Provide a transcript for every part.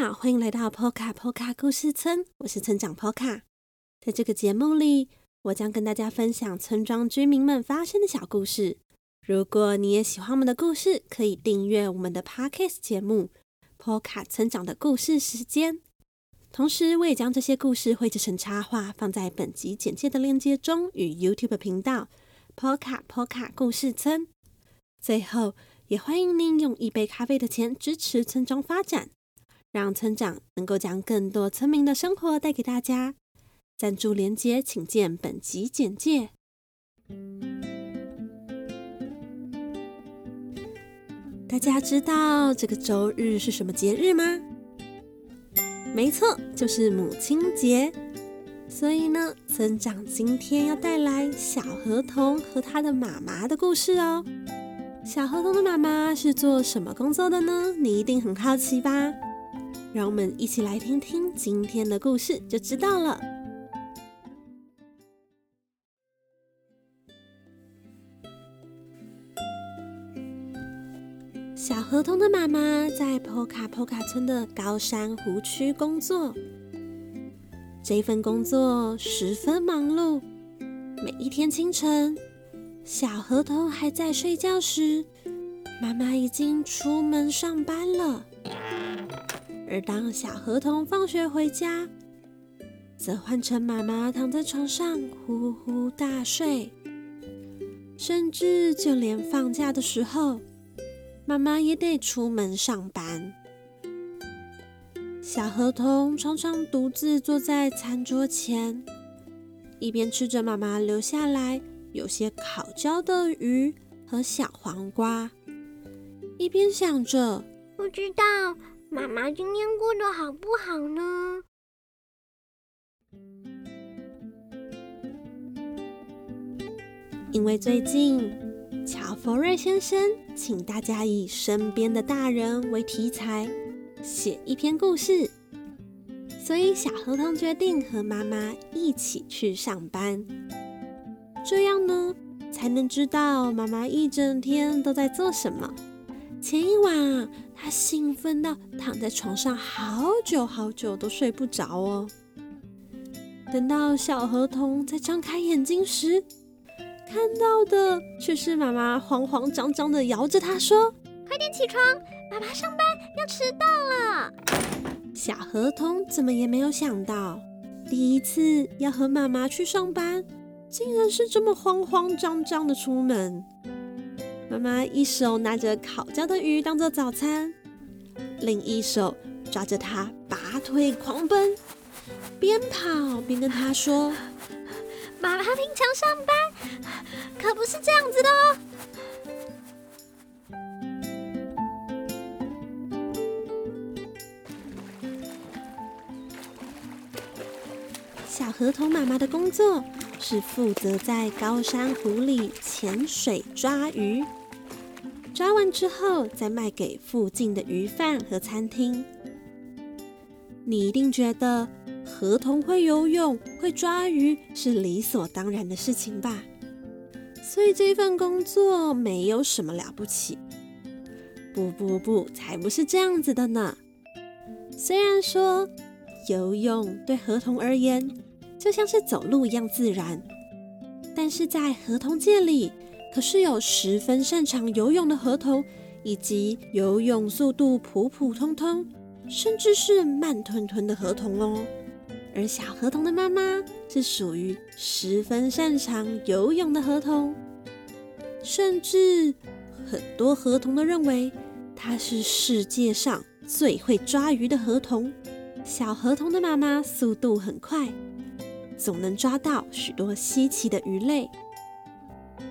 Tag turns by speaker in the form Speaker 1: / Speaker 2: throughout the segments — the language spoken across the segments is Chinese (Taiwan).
Speaker 1: 好，歡迎來到 Pocapoca 故事村，我是村長 Poca。在這個節目裡，我將跟大家分享村莊居民們發生的小故事。如果你也喜歡我們的故事，可以訂閱我們的 Podcast 節目 Poca 村長的故事時間。同時，我也將這些故事繪製成插畫，放在本集簡介的鏈接中與 YouTube 頻道 Pocapoca 故事村。最後，也歡迎您用一杯咖啡的錢支持村莊發展。讓村長能夠將更多村民的生活帶給大家。贊助連結請見本集簡介。大家知道這個周日是什麼節日嗎？沒錯，就是母親節。所以呢，村長今天要帶來小河童和他的媽媽的故事哦。小河童的媽媽是做什麼工作的呢？你一定很好奇吧？讓我們一起來聽聽今天的故事，就知道了。小河童的媽媽在波卡波卡村的高山湖區工作。這份工作十分忙碌，每一天清晨，小河童還在睡覺時，媽媽已經出門上班了。而當小河童放學回家，則換成媽媽躺在床上呼呼大睡，甚至就連放假的時候，媽媽也得出門上班。小河童常常獨自坐在餐桌前，一邊吃着媽媽留下來有些烤焦的魚和小黃瓜，一邊想着
Speaker 2: 不知道。媽媽今天過得好不好呢？
Speaker 1: 因為最近喬佛瑞先生請大家以身邊的大人為題材寫一篇故事，所以小河童決定和媽媽一起去上班，這樣呢才能知道媽媽一整天都在做什麼。前一晚，他興奮到躺在床上好久好久都睡不着哦。等到小河童再張開眼睛時，看到的卻是媽媽慌慌張張的搖着他說：“
Speaker 2: 快點起床，媽媽上班要遲到了。”
Speaker 1: 小河童怎麼也沒有想到，第一次要和媽媽去上班，竟然是這麼慌慌張張的出門。媽媽一手拿着烤焦的魚當做早餐，另一手抓着它拔腿狂奔，邊跑邊跟它說：“媽媽平常上班可不
Speaker 2: 是這樣子的哦。”
Speaker 1: 小河童媽媽的工作，是負責在高山湖裡潛水抓魚，抓完之後再賣給附近的魚販和餐廳。你一定覺得河童會游泳、會抓魚是理所當然的事情吧？所以這份工作沒有什麼了不起。不不不，才不是這樣子的呢！雖然說游泳對河童而言，就像是走路一樣自然，但是在河童界裡，可是有十分擅長游泳的河童，以及游泳速度普普通通，甚至是慢吞吞的河童哦。而小河童的媽媽是屬於十分擅長游泳的河童，甚至很多河童都認為她是世界上最會抓魚的河童。小河童的媽媽速度很快。總能抓到許多稀奇的魚類。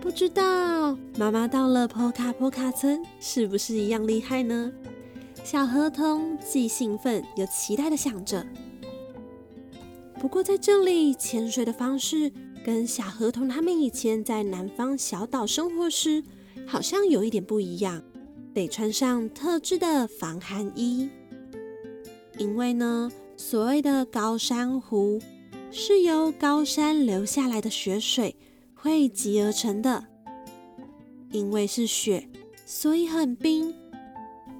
Speaker 1: 不知道媽媽到了坡卡坡卡村是不是一樣厲害呢？小河童既興奮又期待的想着。不過在這裡潛水的方式跟小河童他們以前在南方小島生活時好像有一點不一樣，得穿上特制的防寒衣，因為呢，所謂的高山湖。是由高山流下來的雪水匯集而成的。因為是雪，所以很冰。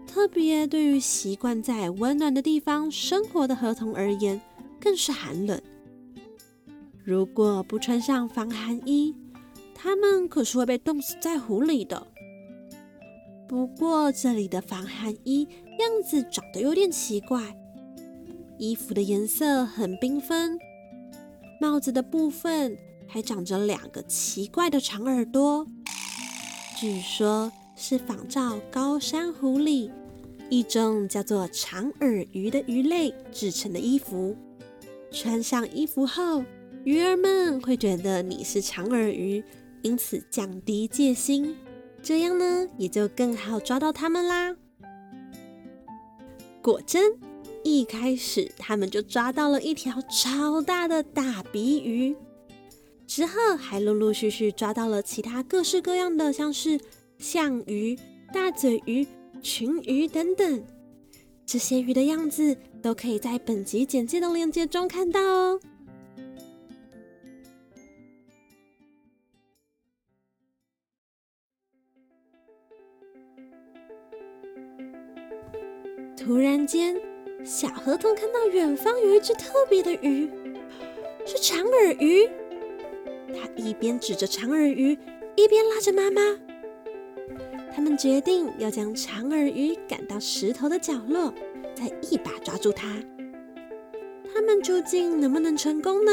Speaker 1: 特別對於習慣在溫暖的地方生活的小河童而言，更是寒冷。如果不穿上防寒衣，他們可是會被凍死在湖裡的。不過這裡的防寒衣樣子長得有點奇怪，衣服的顏色很繽紛。帽子的部分還長着兩個奇怪的長耳朵，據說是仿照高山湖裡一種叫做長耳魚的魚類制成的衣服。穿上衣服後，魚兒們會覺得你是長耳魚，因此降低戒心，這樣呢，也就更好抓到它們啦。果真。一開始，他們就抓到了一條超大的大鼻魚，之後還陸陸續續抓到了其他各式各樣的，像是象魚、大嘴魚、群魚等等。這些魚的樣子都可以在本集簡介的鏈接中看到哦、喔。突然間。小河童看到遠方有一隻特別的魚，是長耳魚。他一邊指着長耳魚，一邊拉着媽媽。他們決定要將長耳魚趕到石頭的角落，再一把抓住它。他們究竟能不能成功呢？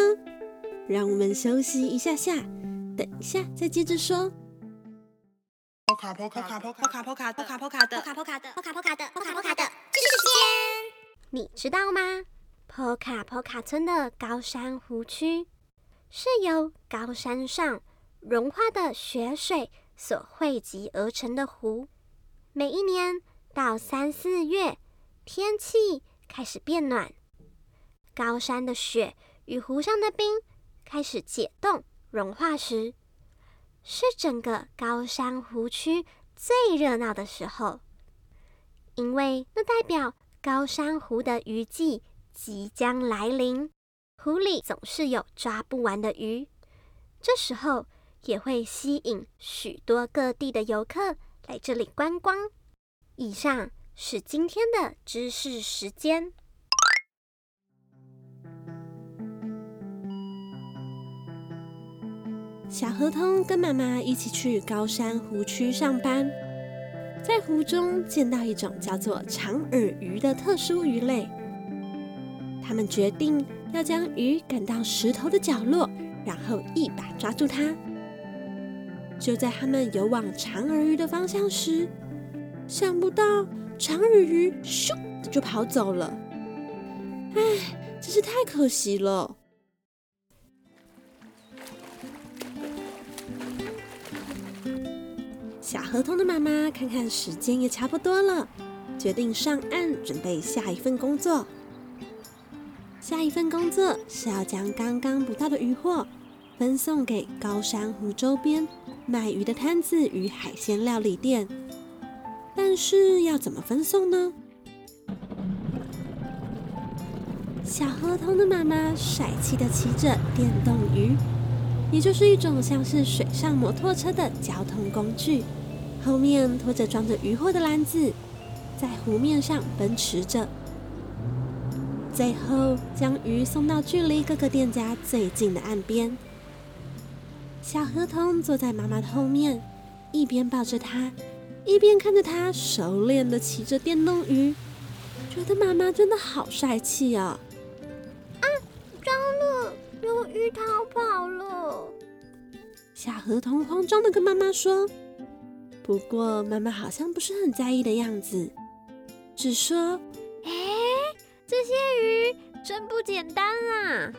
Speaker 1: 讓我們休息一下下，等一下再接着說。波卡
Speaker 2: 波卡波卡波卡波卡波卡波卡的波卡波卡的波卡波卡的波卡波卡的，這就是你知道嗎？波卡波卡村的高山湖區是由高山上融化的雪水所匯集而成的湖。每一年到三四月，天氣開始變暖，高山的雪與湖上的冰開始解凍融化時，是整個高山湖區最熱鬧的時候，因為那代表，高山湖的雨季即將來臨，湖裡總是有抓不完的魚，這時候也會吸引許多各地的遊客來這裡觀光。以上是今天的知識時間。
Speaker 1: 小河童跟媽媽一起去高山湖區上班。在湖中見到一種叫做長耳魚的特殊魚類，他們決定要將魚趕到石頭的角落，然後一把抓住它。就在他們游往長耳魚的方向時，想不到長耳魚咻就跑走了，唉，真是太可惜了。小河童的媽媽看看時間也差不多了，決定上岸準備下一份工作。下一份工作是要將剛剛捕到的漁獲分送給高山湖周邊賣魚的攤子與海鮮料理店。但是要怎麼分送呢？小河童的媽媽帥氣的騎着電動魚，也就是一種像是水上摩托車的交通工具。後面拖着裝着魚貨的籃子，在湖面上奔馳着，最後將魚送到距離各個店家最近的岸邊。小河童坐在媽媽的後面，一邊抱着她，一邊看着她熟練的騎着電動魚，覺得媽媽真的好帥氣啊！
Speaker 2: 啊，糟了，有魚逃跑了！小河童慌張的跟媽
Speaker 1: 媽說。不過，媽媽好像不是很在意的樣子，只說：“
Speaker 2: 哎，這些魚真不簡單啊！”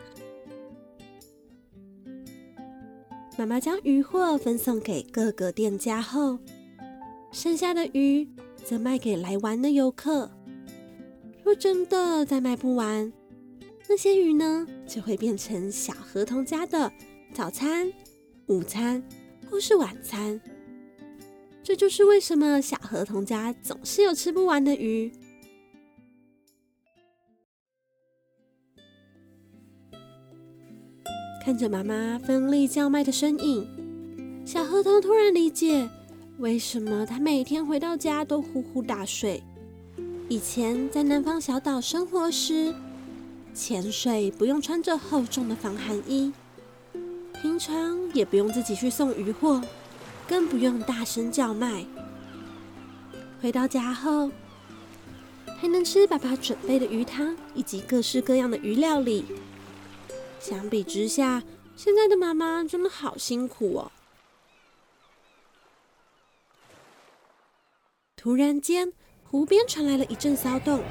Speaker 1: 媽媽將漁獲分送給各個店家後，剩下的魚則賣給來玩的遊客。若真的再賣不完，那些魚呢，就會變成小河童家的早餐、午餐或是晚餐。這就是為什麼小河童家總是有吃不完的魚。看着媽媽奮力叫賣的身影，小河童突然理解為什麼他每天回到家都呼呼大睡。以前在南方小島生活時，潛水不用穿着厚重的防寒衣，平常也不用自己去送魚貨。更不用大聲叫賣。回到家後，還能吃爸爸準備的魚湯以及各式各樣的魚料理。相比之下，現在的媽媽真的好辛苦哦。突然間，湖邊傳來了一陣騷動：“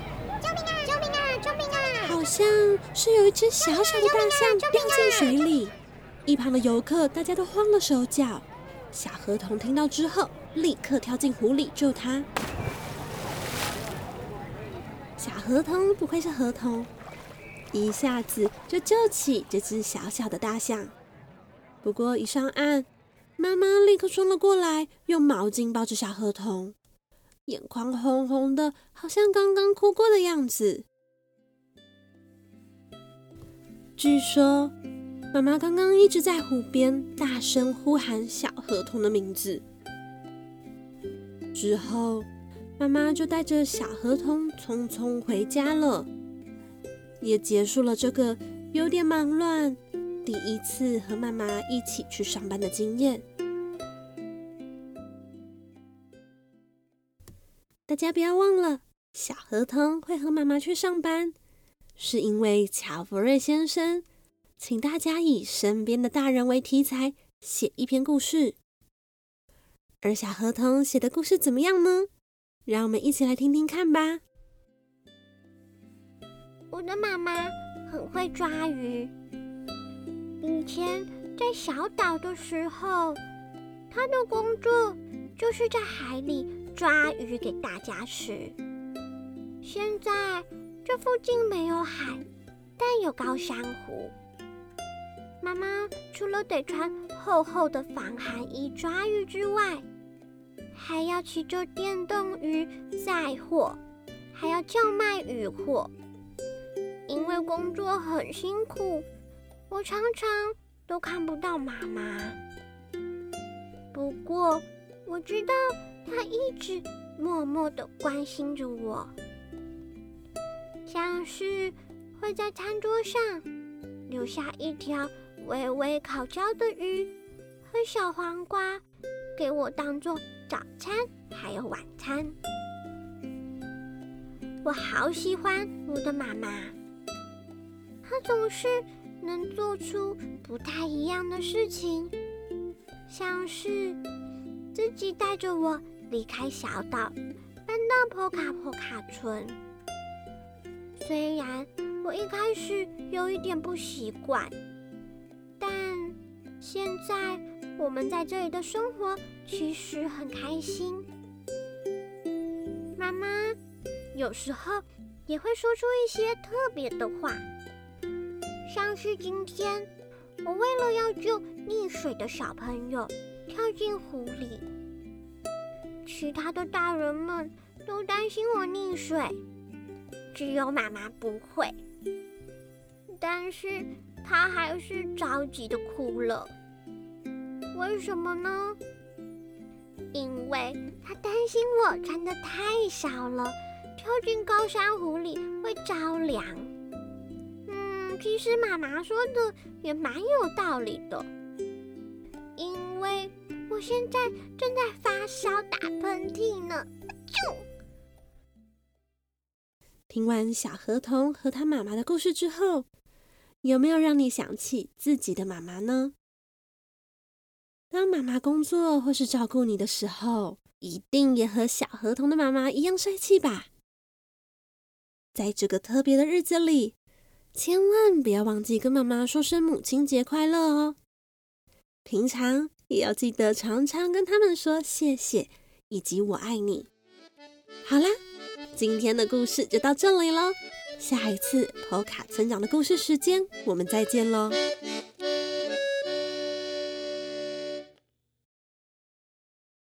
Speaker 1: 救命啊！救命啊！救命啊！”好像是有一隻小小的大象掉進水裡，一旁的游客大家都慌了手腳。小河童聽到之後，立刻跳進湖裡救他。小河童不愧是河童，一下子就救起這隻小小的大象。不過一上岸，媽媽立刻衝了過來，用毛巾包着小河童，眼眶紅紅的，好像剛剛哭過的樣子。據說。媽媽剛剛一直在湖邊大聲呼喊小河童的名字，之後媽媽就帶着小河童匆匆回家了，也結束了這個有點忙亂第一次和媽媽一起去上班的經驗。大家不要忘了，小河童會和媽媽去上班，是因為喬弗瑞先生，請大家以身邊的大人為題材，寫一篇故事，而小河童寫的故事怎麼樣呢？讓我們一起來聽聽看吧。
Speaker 2: 我的媽媽很會抓魚。以前在小島的時候，她的工作就是在海裡抓魚給大家吃。現在這附近沒有海，但有高山湖。媽媽除了得穿厚厚的防寒衣抓魚之外，還要騎着電動魚載貨，還要叫賣魚貨。因為工作很辛苦，我常常都看不到媽媽。不過我知道她一直默默的關心着我，像是會在餐桌上留下一條，微微烤焦的魚和小黃瓜，給我當做早餐還有晚餐。我好喜歡我的媽媽，她總是能做出不太一樣的事情，像是自己帶着我離開小島，搬到波卡波卡村。雖然我一開始有一點不習慣。現在我們在這裡的生活其實很開心。媽媽有時候也會說出一些特別的話，像是今天我為了要救溺水的小朋友，跳進湖裡，其他的大人們都擔心我溺水，只有媽媽不會，但是她還是着急地哭了。為什麼呢？因為他擔心我穿的太少了，跳進高山湖裡會着涼。嗯，其實媽媽說的也蠻有道理的。因為我現在正在發燒、打噴嚏呢。
Speaker 1: 聽完小河童和他媽媽的故事之後，有沒有讓你想起自己的媽媽呢？當媽媽工作或是照顧你的時候，一定也和小河童的媽媽一樣帥氣吧？在這個特別的日子裡，千萬不要忘記跟媽媽說聲母親節快樂哦！平常也要記得常常跟他們說謝謝以及我愛你。好啦，今天的故事就到這裡嘍，下一次婆卡村長的故事時間，我們再見
Speaker 2: 嘍！